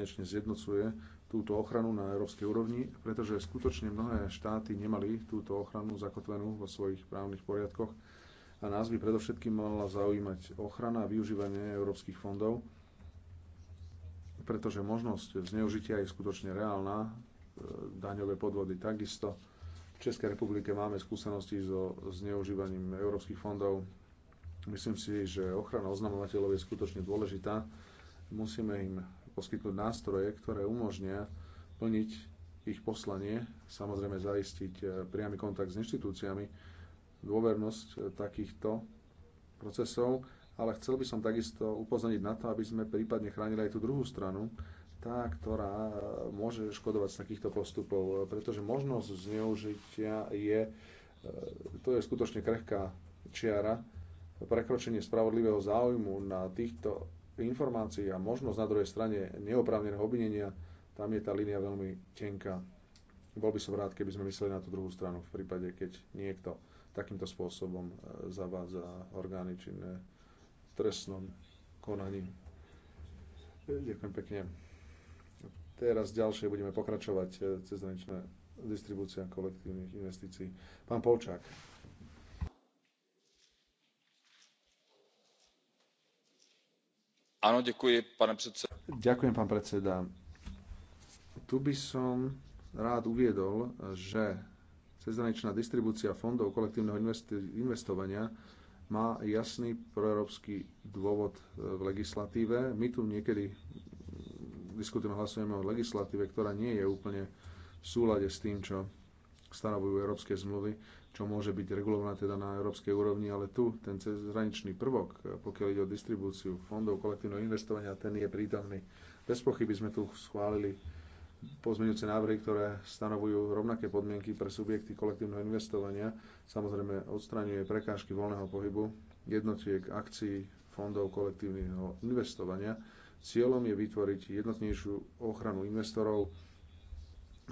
konečne zjednocuje túto ochranu na európskej úrovni, pretože skutočne mnohé štáty nemali túto ochranu zakotvenú vo svojich právnych poriadkoch a nás by predovšetkým mala zaujímať ochrana a využívanie európskych fondov, pretože možnosť zneužitia je skutočne reálna, e, daňové podvody takisto. V Českej republike máme skúsenosti so zneužívaním európskych fondov. Myslím si, že ochrana oznamovateľov je skutočne dôležitá. Musíme im poskytnúť nástroje, ktoré umožnia plniť ich poslanie, samozrejme zaistiť e, priamy kontakt s inštitúciami, dôvernosť e, takýchto procesov, ale chcel by som takisto upozorniť na to, aby sme prípadne chránili aj tú druhú stranu, tá, ktorá e, môže škodovať z takýchto postupov, pretože možnosť zneužitia je, to je skutočne krehká čiara, prekročenie spravodlivého záujmu na týchto informácií a možnosť na druhej strane neoprávneného obvinenia, tam je tá línia veľmi tenká. Bol by som rád, keby sme mysleli na tú druhú stranu v prípade, keď niekto takýmto spôsobom e, zavádza orgány činné v trestnom konaní. E, ďakujem pekne. Teraz ďalšie budeme pokračovať e, cez distribúcia kolektívnych investícií. Pán Polčák. Áno, ďakujem, predseda. Ďakujem, pán predseda. Tu by som rád uviedol, že cezhraničná distribúcia fondov kolektívneho investovania má jasný proeurópsky dôvod v legislatíve. My tu niekedy diskutujeme, hlasujeme o legislatíve, ktorá nie je úplne v súlade s tým, čo stanovujú európske zmluvy čo môže byť regulované teda na európskej úrovni, ale tu ten cezhraničný prvok, e, pokiaľ ide o distribúciu fondov kolektívneho investovania, ten je prítomný. Bez pochyby sme tu schválili pozmeňujúce návrhy, ktoré stanovujú rovnaké podmienky pre subjekty kolektívneho investovania. Samozrejme, odstraňuje prekážky voľného pohybu jednotiek akcií fondov kolektívneho investovania. Cieľom je vytvoriť jednotnejšiu ochranu investorov.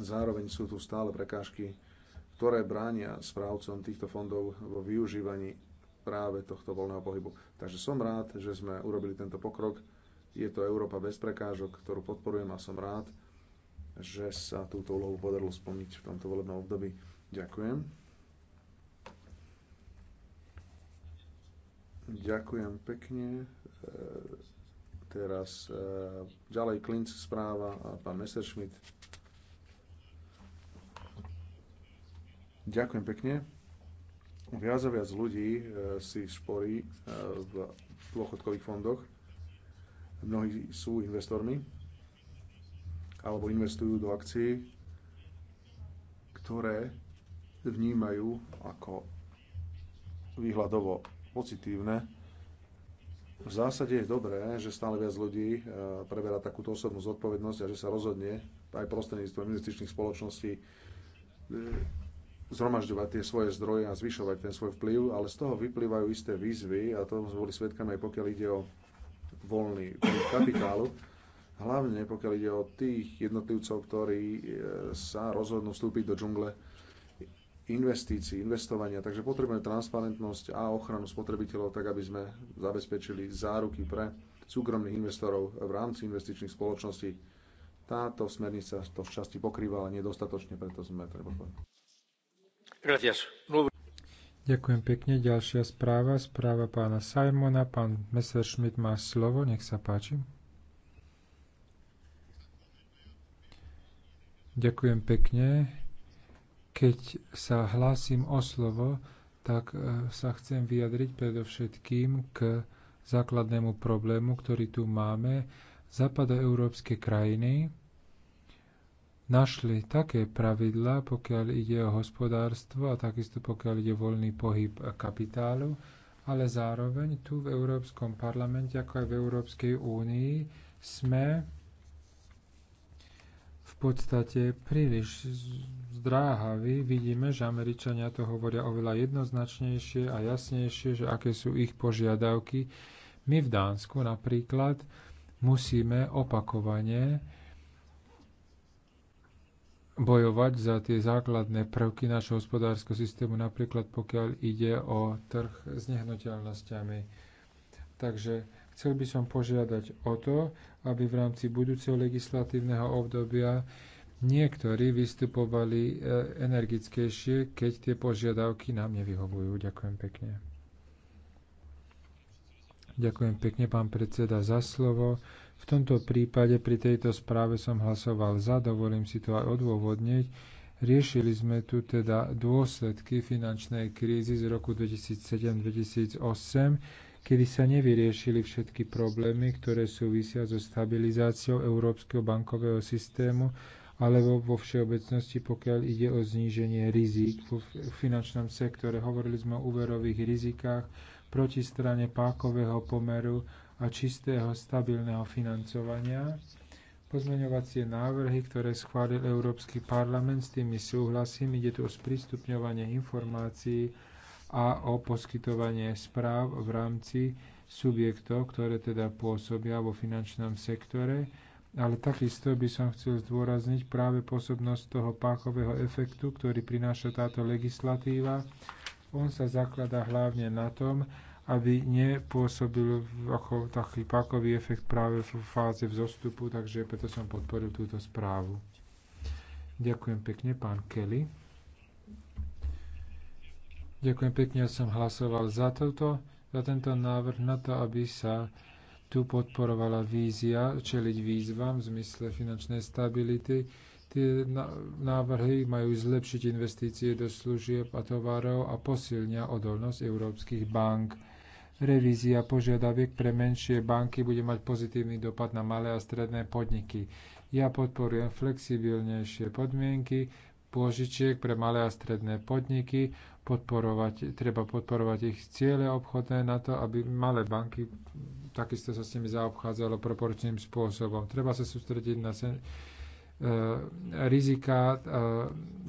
Zároveň sú tu stále prekážky ktoré bránia správcom týchto fondov vo využívaní práve tohto voľného pohybu. Takže som rád, že sme urobili tento pokrok. Je to Európa bez prekážok, ktorú podporujem a som rád, že sa túto úlohu podarilo splniť v tomto volebnom období. Ďakujem. Ďakujem pekne. E, teraz e, ďalej Klinc správa a pán Messerschmidt. Ďakujem pekne. Viac a viac ľudí e, si šporí e, v dôchodkových fondoch. Mnohí sú investormi alebo investujú do akcií, ktoré vnímajú ako výhľadovo pozitívne. V zásade je dobré, že stále viac ľudí e, preberá takúto osobnú zodpovednosť a že sa rozhodne aj prostredníctvom investičných spoločností zhromažďovať tie svoje zdroje a zvyšovať ten svoj vplyv, ale z toho vyplývajú isté výzvy, a to sme boli svetkami aj pokiaľ ide o voľný kapitálu, hlavne pokiaľ ide o tých jednotlivcov, ktorí e, sa rozhodnú vstúpiť do džungle investícií, investovania. Takže potrebujeme transparentnosť a ochranu spotrebiteľov, tak aby sme zabezpečili záruky pre súkromných investorov v rámci investičných spoločností. Táto smernica to v časti pokrýva, ale nedostatočne, preto sme treba povedať. Ďakujem pekne. Ďalšia správa, správa pána Simona. Pán Messerschmidt má slovo, nech sa páči. Ďakujem pekne. Keď sa hlásim o slovo, tak e, sa chcem vyjadriť predovšetkým k základnému problému, ktorý tu máme. Západoeurópske krajiny našli také pravidlá, pokiaľ ide o hospodárstvo a takisto pokiaľ ide voľný pohyb kapitálu, ale zároveň tu v Európskom parlamente, ako aj v Európskej únii, sme v podstate príliš zdráhaví. Vidíme, že Američania to hovoria oveľa jednoznačnejšie a jasnejšie, že aké sú ich požiadavky. My v Dánsku napríklad musíme opakovane bojovať za tie základné prvky nášho hospodárskeho systému, napríklad pokiaľ ide o trh s nehnuteľnosťami. Takže chcel by som požiadať o to, aby v rámci budúceho legislatívneho obdobia niektorí vystupovali e, energickejšie, keď tie požiadavky nám nevyhovujú. Ďakujem pekne. Ďakujem pekne, pán predseda, za slovo. V tomto prípade pri tejto správe som hlasoval za, dovolím si to aj odôvodniť. Riešili sme tu teda dôsledky finančnej krízy z roku 2007-2008, kedy sa nevyriešili všetky problémy, ktoré súvisia so stabilizáciou európskeho bankového systému alebo vo všeobecnosti, pokiaľ ide o zníženie rizík v finančnom sektore. Hovorili sme o úverových rizikách, protistrane pákového pomeru a čistého stabilného financovania. Pozmeňovacie návrhy, ktoré schválil Európsky parlament, s tými súhlasím. Ide tu o sprístupňovanie informácií a o poskytovanie správ v rámci subjektov, ktoré teda pôsobia vo finančnom sektore. Ale takisto by som chcel zdôrazniť práve pôsobnosť toho pákového efektu, ktorý prináša táto legislatíva. On sa zakladá hlavne na tom, aby nepôsobil ako taký pakový efekt práve v fáze vzostupu, takže preto som podporil túto správu. Ďakujem pekne, pán Kelly. Ďakujem pekne, ja som hlasoval za, toto, za tento návrh na to, aby sa tu podporovala vízia čeliť výzvam v zmysle finančnej stability. Tie návrhy majú zlepšiť investície do služieb a tovarov a posilnia odolnosť európskych bank Revízia požiadaviek pre menšie banky bude mať pozitívny dopad na malé a stredné podniky. Ja podporujem flexibilnejšie podmienky pôžičiek pre malé a stredné podniky. Podporovať, treba podporovať ich ciele obchodné na to, aby malé banky takisto sa s nimi zaobchádzalo proporčným spôsobom. Treba sa sústrediť na sen, e, rizika, e,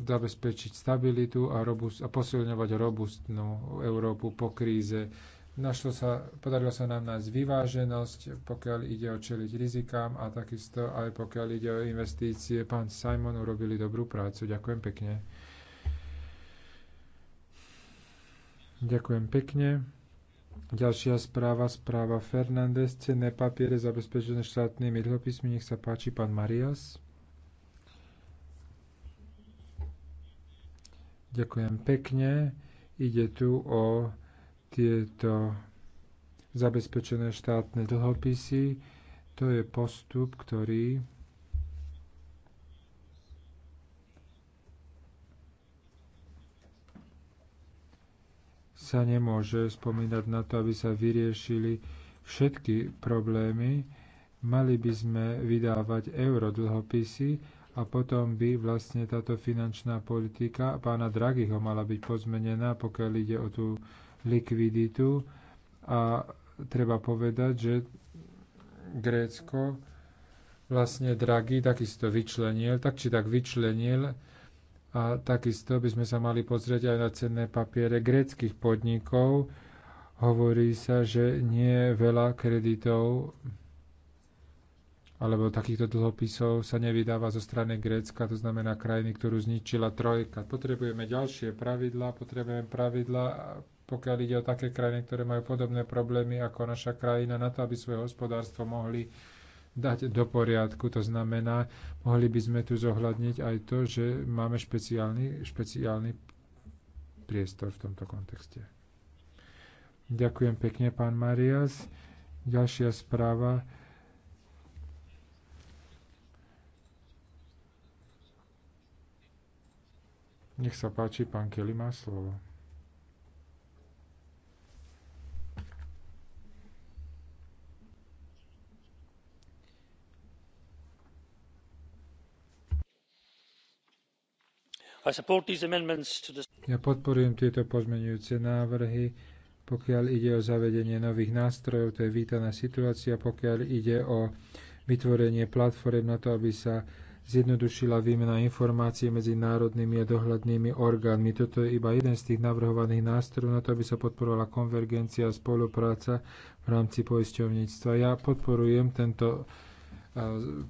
zabezpečiť stabilitu a, robust, a posilňovať robustnú Európu po kríze. Našlo sa, podarilo sa nám nájsť vyváženosť, pokiaľ ide o čeliť rizikám a takisto aj pokiaľ ide o investície. Pán Simon urobili dobrú prácu. Ďakujem pekne. Ďakujem pekne. Ďalšia správa, správa Fernández, cenné papiere zabezpečené štátnymi dlhopismi. Nech sa páči, pán Marias. Ďakujem pekne. Ide tu o tieto zabezpečené štátne dlhopisy. To je postup, ktorý sa nemôže spomínať na to, aby sa vyriešili všetky problémy. Mali by sme vydávať eurodlhopisy a potom by vlastne táto finančná politika pána Draghiho mala byť pozmenená, pokiaľ ide o tú likviditu a treba povedať, že Grécko vlastne Draghi takisto vyčlenil, tak či tak vyčlenil a takisto by sme sa mali pozrieť aj na cenné papiere gréckych podnikov. Hovorí sa, že nie veľa kreditov alebo takýchto dlhopisov sa nevydáva zo strany Grécka, to znamená krajiny, ktorú zničila trojka. Potrebujeme ďalšie pravidlá, potrebujeme pravidla pokiaľ ide o také krajiny, ktoré majú podobné problémy ako naša krajina, na to, aby svoje hospodárstvo mohli dať do poriadku. To znamená, mohli by sme tu zohľadniť aj to, že máme špeciálny, špeciálny priestor v tomto kontexte. Ďakujem pekne, pán Marias. Ďalšia správa. Nech sa páči, pán Kelly má slovo. Ja podporujem tieto pozmeňujúce návrhy, pokiaľ ide o zavedenie nových nástrojov, to je vítaná situácia, pokiaľ ide o vytvorenie platform na to, aby sa zjednodušila výmena informácií medzi národnými a dohľadnými orgánmi. Toto je iba jeden z tých navrhovaných nástrojov na to, aby sa podporovala konvergencia a spolupráca v rámci poisťovníctva. Ja podporujem tento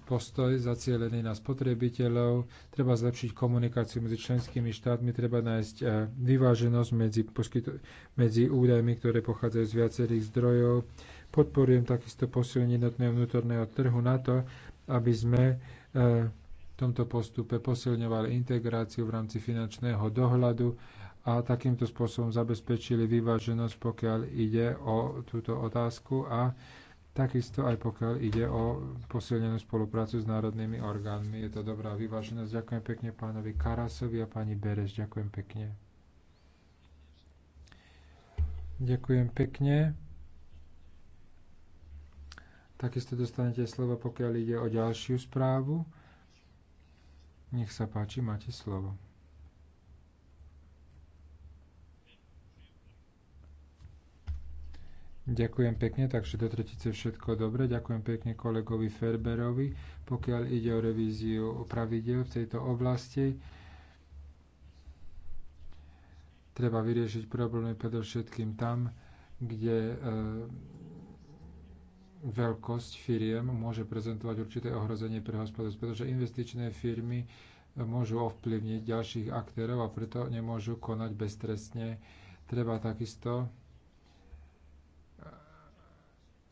postoj zacielený na spotrebiteľov, treba zlepšiť komunikáciu medzi členskými štátmi, treba nájsť e, vyváženosť medzi, poskyto- medzi údajmi, ktoré pochádzajú z viacerých zdrojov. Podporujem takisto posilnenie jednotného vnútorného trhu na to, aby sme e, v tomto postupe posilňovali integráciu v rámci finančného dohľadu a takýmto spôsobom zabezpečili vyváženosť, pokiaľ ide o túto otázku a Takisto aj pokiaľ ide o posilnenú spoluprácu s národnými orgánmi. Je to dobrá vyváženosť. Ďakujem pekne pánovi Karasovi a pani Bereš. Ďakujem pekne. Ďakujem pekne. Takisto dostanete slovo, pokiaľ ide o ďalšiu správu. Nech sa páči, máte slovo. Ďakujem pekne, takže do tretice všetko dobre. Ďakujem pekne kolegovi Ferberovi, pokiaľ ide o revíziu pravidel v tejto oblasti. Treba vyriešiť problémy predovšetkým tam, kde e, veľkosť firiem môže prezentovať určité ohrozenie pre hospodárstvo, pretože investičné firmy e, môžu ovplyvniť ďalších aktérov a preto nemôžu konať beztrestne. Treba takisto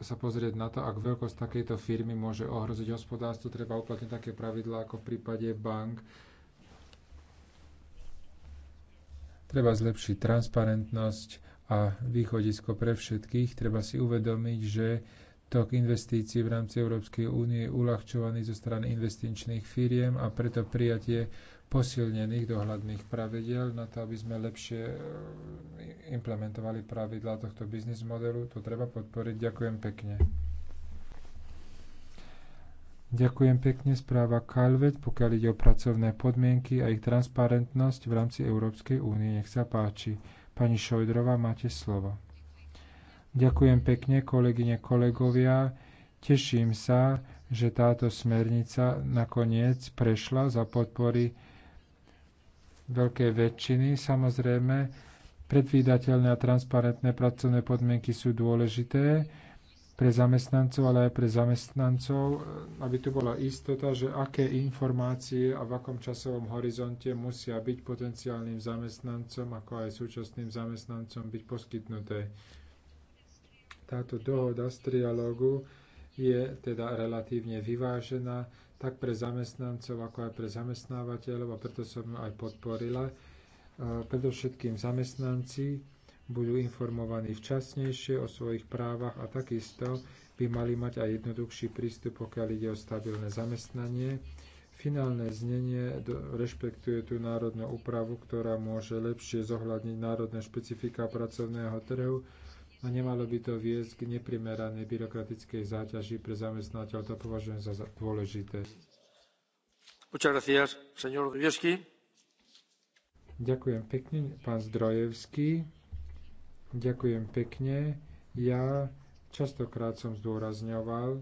sa pozrieť na to, ak veľkosť takejto firmy môže ohroziť hospodárstvo, treba uplatniť také pravidlá ako v prípade bank. Treba zlepšiť transparentnosť a východisko pre všetkých. Treba si uvedomiť, že tok investícií v rámci Európskej únie je uľahčovaný zo strany investičných firiem a preto prijatie posilnených dohľadných pravidel na to, aby sme lepšie e, implementovali pravidlá tohto biznis modelu. To treba podporiť. Ďakujem pekne. Ďakujem pekne správa Calvet, pokiaľ ide o pracovné podmienky a ich transparentnosť v rámci Európskej únie. Nech sa páči. Pani Šojdrová, máte slovo. Ďakujem pekne, kolegyne, kolegovia. Teším sa, že táto smernica nakoniec prešla za podpory veľkej väčšiny. Samozrejme, predvídateľné a transparentné pracovné podmienky sú dôležité pre zamestnancov, ale aj pre zamestnancov, eh, aby tu bola istota, že aké informácie a v akom časovom horizonte musia byť potenciálnym zamestnancom, ako aj súčasným zamestnancom byť poskytnuté. Táto dohoda z trialógu je teda relatívne vyvážená tak pre zamestnancov, ako aj pre zamestnávateľov a preto som ju aj podporila. E, predovšetkým zamestnanci budú informovaní včasnejšie o svojich právach a takisto by mali mať aj jednoduchší prístup, pokiaľ ide o stabilné zamestnanie. Finálne znenie rešpektuje tú národnú úpravu, ktorá môže lepšie zohľadniť národné špecifika pracovného trhu a nemalo by to viesť k neprimeranej byrokratickej záťaži pre zamestnateľ. To považujem za dôležité. Ďakujem pekne, pán Zdrojevský. Ďakujem pekne. Ja častokrát som zdôrazňoval eh,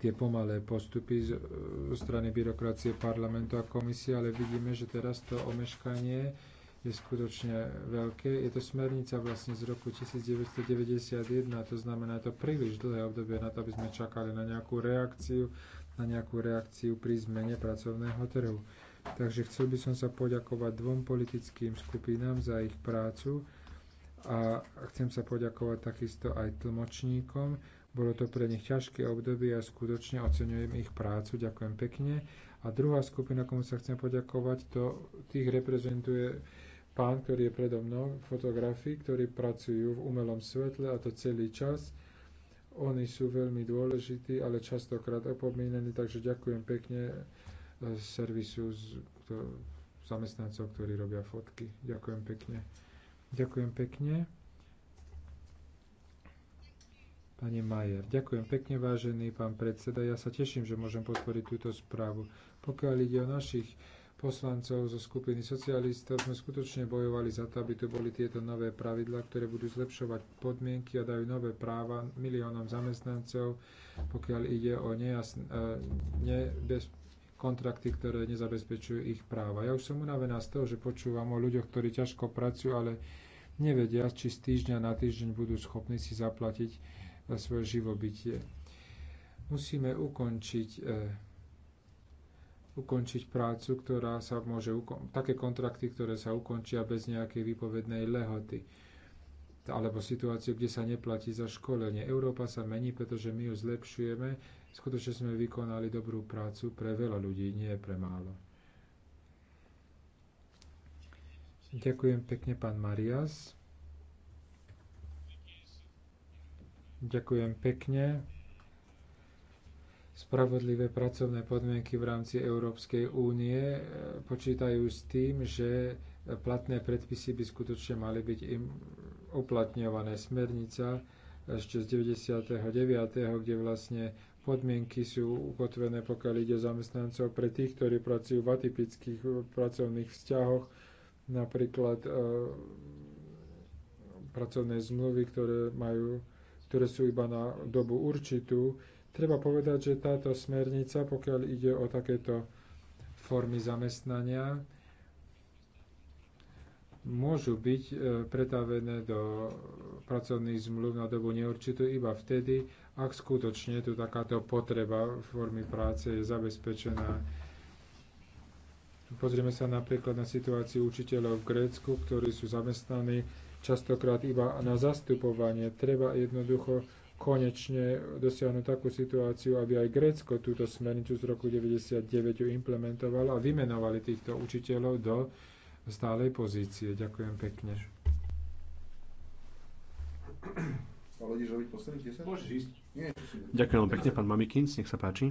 tie pomalé postupy eh, zo strany byrokracie parlamentu a komisie, ale vidíme, že teraz to omeškanie je skutočne veľké. Je to smernica vlastne z roku 1991, to znamená to príliš dlhé obdobie na to, aby sme čakali na nejakú reakciu, na nejakú reakciu pri zmene pracovného trhu. Takže chcel by som sa poďakovať dvom politickým skupinám za ich prácu a chcem sa poďakovať takisto aj tlmočníkom. Bolo to pre nich ťažké obdobie a skutočne oceňujem ich prácu. Ďakujem pekne. A druhá skupina, komu sa chcem poďakovať, to tých reprezentuje pán, ktorý je predo mnou, fotografi, ktorí pracujú v umelom svetle a to celý čas. Oni sú veľmi dôležití, ale častokrát opomínaní, takže ďakujem pekne e, servisu zamestnancov, ktorí robia fotky. Ďakujem pekne. Ďakujem pekne. Pani Majer, ďakujem pekne, vážený pán predseda. Ja sa teším, že môžem podporiť túto správu. Pokiaľ ide o našich poslancov zo skupiny socialistov sme skutočne bojovali za to, aby tu boli tieto nové pravidlá, ktoré budú zlepšovať podmienky a dajú nové práva miliónom zamestnancov, pokiaľ ide o nejasn- e, kontrakty, ktoré nezabezpečujú ich práva. Ja už som unavená z toho, že počúvam o ľuďoch, ktorí ťažko pracujú, ale nevedia, či z týždňa na týždeň budú schopní si zaplatiť e, svoje živobytie. Musíme ukončiť e, ukončiť prácu, ktorá sa môže ukon- také kontrakty, ktoré sa ukončia bez nejakej výpovednej lehoty alebo situáciu, kde sa neplatí za školenie. Európa sa mení, pretože my ju zlepšujeme. Skutočne sme vykonali dobrú prácu pre veľa ľudí, nie pre málo. Ďakujem pekne, pán Marias. Ďakujem pekne. Spravodlivé pracovné podmienky v rámci Európskej únie e, počítajú s tým, že platné predpisy by skutočne mali byť im uplatňované. Smernica ešte z 99., kde vlastne podmienky sú ukotvené, pokiaľ ide o zamestnancov pre tých, ktorí pracujú v atypických pracovných vzťahoch, napríklad e, pracovné zmluvy, ktoré, majú, ktoré sú iba na dobu určitú, Treba povedať, že táto smernica, pokiaľ ide o takéto formy zamestnania, môžu byť e, pretavené do pracovných zmluv na dobu neurčitú iba vtedy, ak skutočne tu takáto potreba v formy práce je zabezpečená. Pozrieme sa napríklad na situáciu učiteľov v Grécku, ktorí sú zamestnaní častokrát iba na zastupovanie. Treba jednoducho konečne dosiahnuť takú situáciu, aby aj Grécko túto smernicu z roku 1999 implementovalo a vymenovali týchto učiteľov do stálej pozície. Ďakujem pekne. Ďakujem pekne, pán Mamikins, nech sa páči.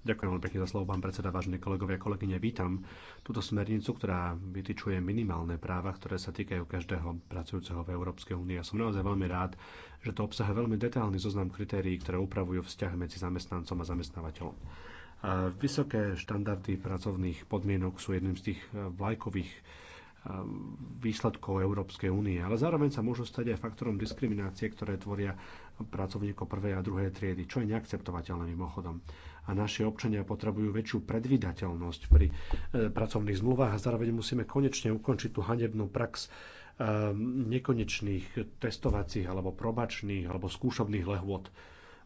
Ďakujem veľmi pekne za slovo, pán predseda, vážení kolegovia, kolegyne. Vítam túto smernicu, ktorá vytýčuje minimálne práva, ktoré sa týkajú každého pracujúceho v Európskej únii. A som naozaj veľmi rád, že to obsahuje veľmi detailný zoznam kritérií, ktoré upravujú vzťah medzi zamestnancom a zamestnávateľom. Vysoké štandardy pracovných podmienok sú jedným z tých eh, vlajkových Ehm, výsledkov Európskej únie, ale zároveň sa môžu stať aj faktorom diskriminácie, ktoré tvoria pracovníkov prvej a druhej triedy, čo je neakceptovateľné mimochodom. A naši občania potrebujú väčšiu predvydateľnosť pri e, pracovných zmluvách a zároveň musíme konečne ukončiť tú hanebnú prax ehm, nekonečných testovacích alebo probačných alebo skúšobných lehôd.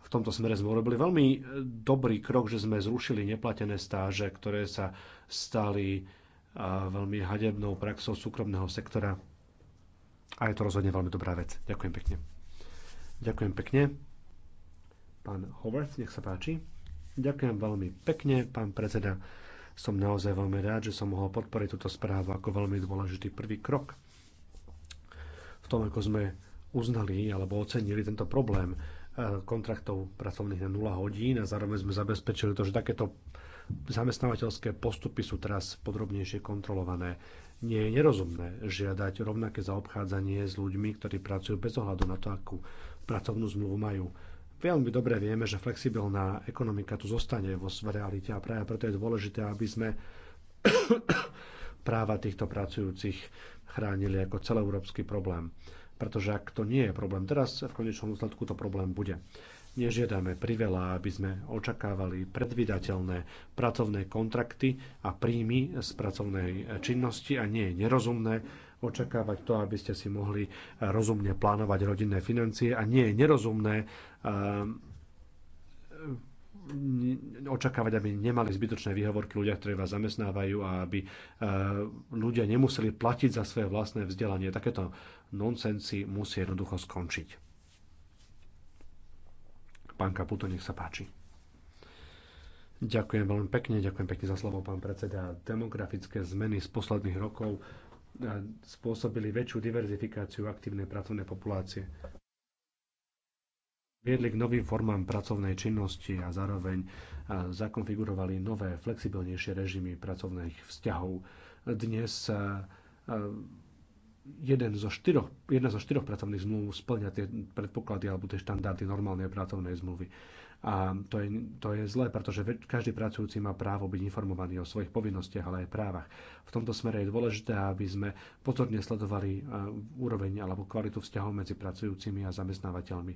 V tomto smere sme urobili veľmi e, dobrý krok, že sme zrušili neplatené stáže, ktoré sa stali veľmi hadebnou praxou súkromného sektora. A je to rozhodne veľmi dobrá vec. Ďakujem pekne. Ďakujem pekne. Pán Howard, nech sa páči. Ďakujem veľmi pekne, pán predseda. Som naozaj veľmi rád, že som mohol podporiť túto správu ako veľmi dôležitý prvý krok v tom, ako sme uznali alebo ocenili tento problém eh, kontraktov pracovných na 0 hodín a zároveň sme zabezpečili to, že takéto Zamestnávateľské postupy sú teraz podrobnejšie kontrolované. Nie je nerozumné žiadať rovnaké zaobchádzanie s ľuďmi, ktorí pracujú bez ohľadu na to, akú pracovnú zmluvu majú. Veľmi dobre vieme, že flexibilná ekonomika tu zostane vo realite a práve preto je dôležité, aby sme práva týchto pracujúcich chránili ako celoeurópsky problém. Pretože ak to nie je problém teraz, v konečnom dôsledku to problém bude. Nežiadame priveľa, aby sme očakávali predvydateľné pracovné kontrakty a príjmy z pracovnej činnosti a nie je nerozumné očakávať to, aby ste si mohli rozumne plánovať rodinné financie a nie je nerozumné ehm, očakávať, aby nemali zbytočné výhovorky ľudia, ktorí vás zamestnávajú a aby ehm, ľudia nemuseli platiť za svoje vlastné vzdelanie. Takéto nonsensy musí jednoducho skončiť. Pán Kaputo, nech sa páči. Ďakujem veľmi pekne, ďakujem pekne za slovo, pán predseda. Demografické zmeny z posledných rokov e, spôsobili väčšiu diverzifikáciu aktívnej pracovnej populácie viedli k novým formám pracovnej činnosti a zároveň e, zakonfigurovali nové, flexibilnejšie režimy pracovných vzťahov. Dnes e, jeden zo štyroch, jedna zo štyroch pracovných zmluv splňa tie predpoklady alebo tie štandardy normálnej pracovnej zmluvy. A to je, to je zlé, pretože každý pracujúci má právo byť informovaný o svojich povinnostiach, ale aj právach. V tomto smere je dôležité, aby sme pozorne sledovali e, úroveň alebo kvalitu vzťahov medzi pracujúcimi a zamestnávateľmi.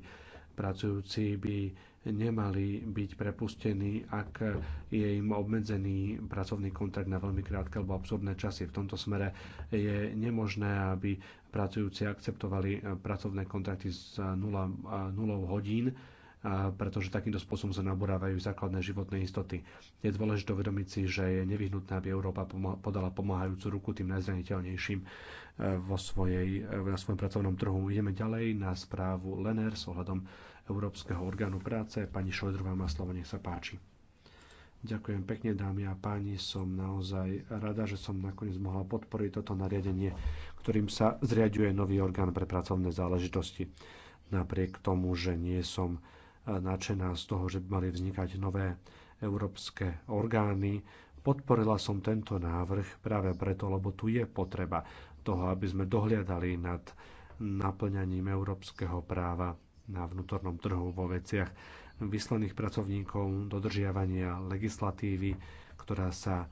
Pracujúci by nemali byť prepustení, ak je im obmedzený pracovný kontrakt na veľmi krátke alebo absurdné časy. V tomto smere je nemožné, aby pracujúci akceptovali pracovné kontrakty s 0, 0 hodín, pretože takýmto spôsobom sa naborávajú základné životné istoty. Je dôležité uvedomiť si, že je nevyhnutné, aby Európa podala pomáhajúcu ruku tým najzraniteľnejším e, vo svojej, na svojom pracovnom trhu. Ideme ďalej na správu Lenner s ohľadom Európskeho orgánu práce. Pani Šojdrová má slovo, nech sa páči. Ďakujem pekne, dámy a páni. Som naozaj rada, že som nakoniec mohla podporiť toto nariadenie, ktorým sa zriaďuje nový orgán pre pracovné záležitosti. Napriek tomu, že nie som eh, nadšená z toho, že by mali vznikať nové európske orgány, podporila som tento návrh práve preto, lebo tu je potreba toho, aby sme dohliadali nad naplňaním európskeho práva na vnútornom trhu vo veciach vyslaných pracovníkov, dodržiavania legislatívy, ktorá sa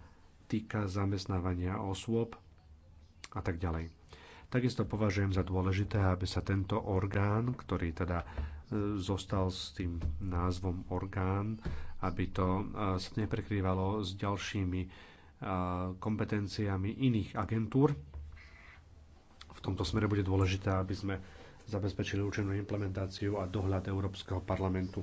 týka zamestnávania osôb a tak ďalej. Takisto považujem za dôležité, aby sa tento orgán, ktorý teda e, zostal s tým názvom orgán, aby to e, sa neprekrývalo s ďalšími e, kompetenciami iných agentúr. V tomto smere bude dôležité, aby sme zabezpečili účinnú implementáciu a dohľad Európskeho parlamentu.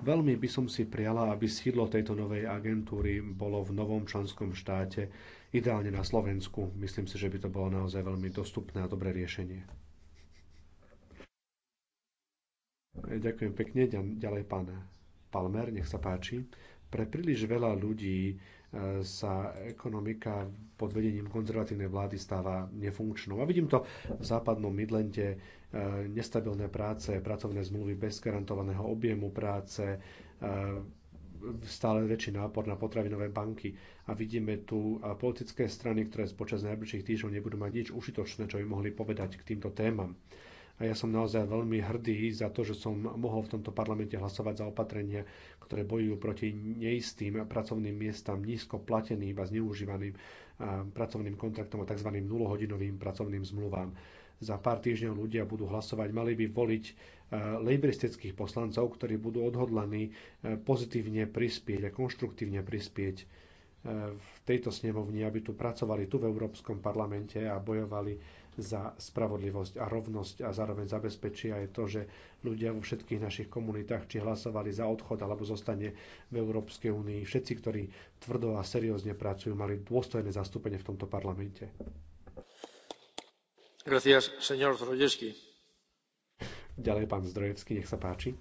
Veľmi by som si priala, aby sídlo tejto novej agentúry bolo v novom členskom štáte, ideálne na Slovensku. Myslím si, že by to bolo naozaj veľmi dostupné a dobré riešenie. Ďakujem pekne. Ďalej pán Palmer, nech sa páči. Pre príliš veľa ľudí e, sa ekonomika pod vedením konzervatívnej vlády stáva nefunkčnou. A vidím to v západnom midlente. E, nestabilné práce, pracovné zmluvy bez garantovaného objemu práce, e, stále väčší nápor na potravinové banky a vidíme tu politické strany, ktoré počas najbližších týždňov nebudú mať nič užitočné, čo by mohli povedať k týmto témam. A ja som naozaj veľmi hrdý za to, že som mohol v tomto parlamente hlasovať za opatrenia, ktoré bojujú proti neistým pracovným miestam, nízko plateným a zneužívaným pracovným kontraktom a tzv. nulohodinovým pracovným zmluvám za pár týždňov ľudia budú hlasovať, mali by voliť eh, lejbristických poslancov, ktorí budú odhodlaní eh, pozitívne prispieť a konštruktívne prispieť eh, v tejto snemovni, aby tu pracovali tu v Európskom parlamente a bojovali za spravodlivosť a rovnosť a zároveň zabezpečia aj to, že ľudia vo všetkých našich komunitách či hlasovali za odchod alebo zostane v Európskej únii. Všetci, ktorí tvrdo a seriózne pracujú, mali dôstojné zastúpenie v tomto parlamente. Ďalej pán Zdrojevský, nech sa páči.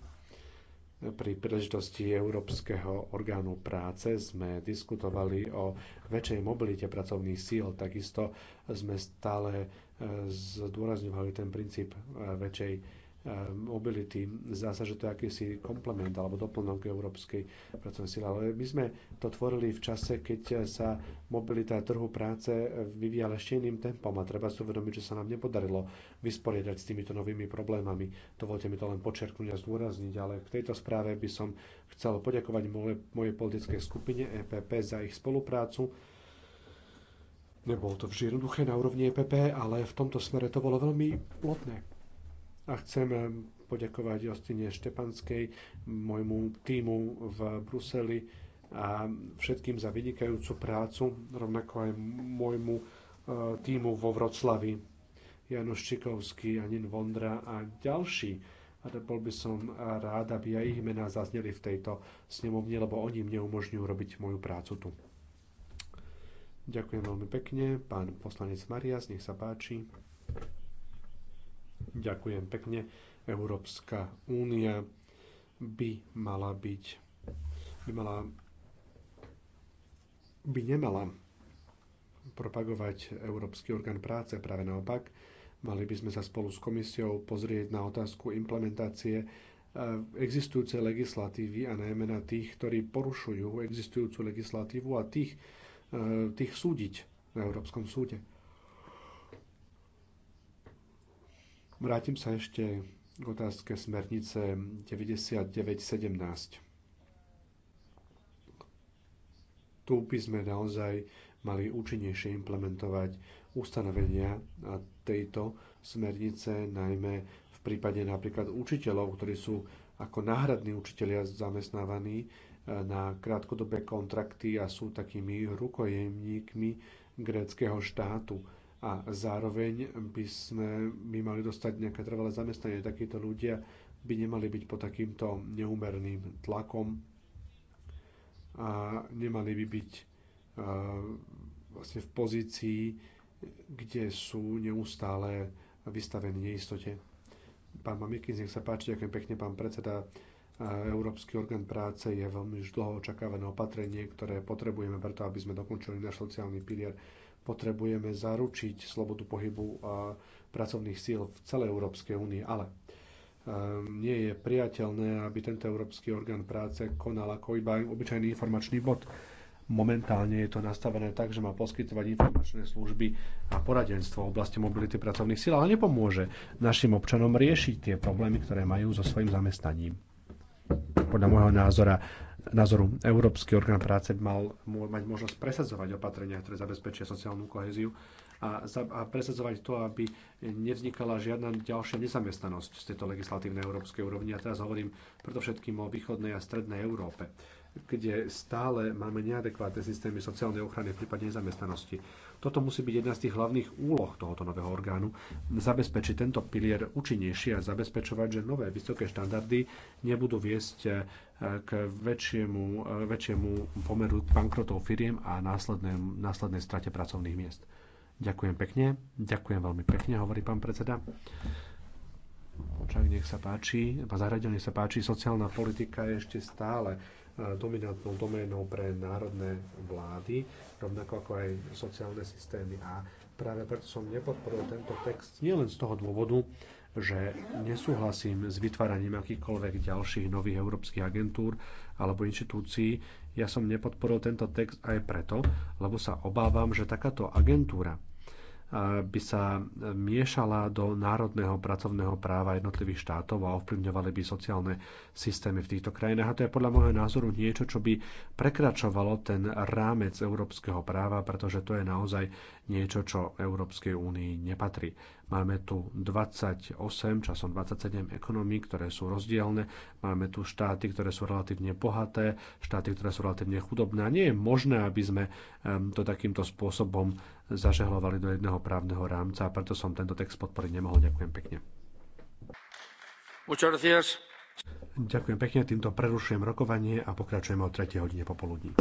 Pri príležitosti Európskeho orgánu práce sme diskutovali o väčšej mobilite pracovných síl. Takisto sme stále eh, zdôrazňovali ten princíp eh, väčšej Eh, mobility. Zdá sa, že to je akýsi komplement alebo doplnok európskej pracovnej sily. Ale my sme to tvorili v čase, keď sa mobilita trhu práce vyvíjala ešte iným tempom a treba si uvedomiť, že sa nám nepodarilo vysporiadať s týmito novými problémami. Dovolte mi to len počerknúť a zdôrazniť, ale v tejto správe by som chcel poďakovať moje, mojej politickej skupine EPP za ich spoluprácu. Nebolo to vždy jednoduché na úrovni EPP, ale v tomto smere to bolo veľmi plotné a chcem eh, poďakovať Jostine Štepanskej, môjmu týmu v Bruseli a všetkým za vynikajúcu prácu, rovnako aj môjmu eh, týmu vo Vroclavi, Janu Čikovský, Anin Vondra a ďalší. A bol by som eh, rád, aby aj ich mená zazneli v tejto snemovni, lebo oni mne umožňujú robiť moju prácu tu. Ďakujem veľmi pekne. Pán poslanec Marias, nech sa páči. Ďakujem pekne. Európska únia by mala byť, by mala, by nemala propagovať Európsky orgán práce. Práve naopak, mali by sme sa spolu s komisiou pozrieť na otázku implementácie eh, existujúcej legislatívy a najmä na tých, ktorí porušujú existujúcu legislatívu a tých, eh, tých súdiť na Európskom súde. Vrátim sa ešte k otázke smernice 9917. Tu by sme naozaj mali účinnejšie implementovať ustanovenia tejto smernice, najmä v prípade napríklad učiteľov, ktorí sú ako náhradní učitelia zamestnávaní e, na krátkodobé kontrakty a sú takými rukojemníkmi gréckého štátu a zároveň by sme my mali dostať nejaké trvalé zamestnanie. Takíto ľudia by nemali byť pod takýmto neúmerným tlakom a nemali by byť e, vlastne v pozícii, kde sú neustále vystavení neistote. Pán Mamikins, nech sa páči, ďakujem pekne, pán predseda. E, Európsky orgán práce je veľmi už dlho očakávané opatrenie, ktoré potrebujeme preto, aby sme dokončili náš sociálny pilier potrebujeme zaručiť slobodu pohybu a pracovných síl v celej Európskej únii, ale ehm, nie je priateľné, aby tento Európsky orgán práce konal ako iba obyčajný informačný bod. Momentálne je to nastavené tak, že má poskytovať informačné služby a poradenstvo v oblasti mobility pracovných síl, ale nepomôže našim občanom riešiť tie problémy, ktoré majú so svojím zamestnaním. Podľa môjho názora názoru Európsky orgán práce mal mať možnosť presadzovať opatrenia, ktoré zabezpečia sociálnu koheziu a, za, a presadzovať to, aby nevznikala žiadna ďalšia nezamestnanosť z tejto legislatívnej európskej úrovni. A teraz hovorím predovšetkým o východnej a strednej Európe kde stále máme neadekvátne systémy sociálnej ochrany v prípade nezamestnanosti. Toto musí byť jedna z tých hlavných úloh tohoto nového orgánu, zabezpečiť tento pilier účinnejšie a zabezpečovať, že nové vysoké štandardy nebudú viesť eh, k väčšiemu, eh, väčšiemu pomeru bankrotov firiem a následnej, následnej strate pracovných miest. Ďakujem pekne, ďakujem veľmi pekne, hovorí pán predseda. Čak nech sa páči, pán Zahradil, nech sa páči, sociálna politika je ešte stále dominantnou doménou pre národné vlády, rovnako ako aj sociálne systémy. A práve preto som nepodporil tento text nielen z toho dôvodu, že nesúhlasím s vytváraním akýchkoľvek ďalších nových európskych agentúr alebo inštitúcií. Ja som nepodporil tento text aj preto, lebo sa obávam, že takáto agentúra by sa miešala do národného pracovného práva jednotlivých štátov a ovplyvňovali by sociálne systémy v týchto krajinách. A to je podľa môjho názoru niečo, čo by prekračovalo ten rámec európskeho práva, pretože to je naozaj niečo, čo Európskej únii nepatrí. Máme tu 28, časom 27 ekonomí, ktoré sú rozdielne. Máme tu štáty, ktoré sú relatívne bohaté, štáty, ktoré sú relatívne chudobné. A nie je možné, aby sme to takýmto spôsobom zažehlovali do jedného právneho rámca. A preto som tento text podporiť nemohol. Ďakujem pekne. Ďakujem pekne, týmto prerušujem rokovanie a pokračujeme o 3. hodine popoludní.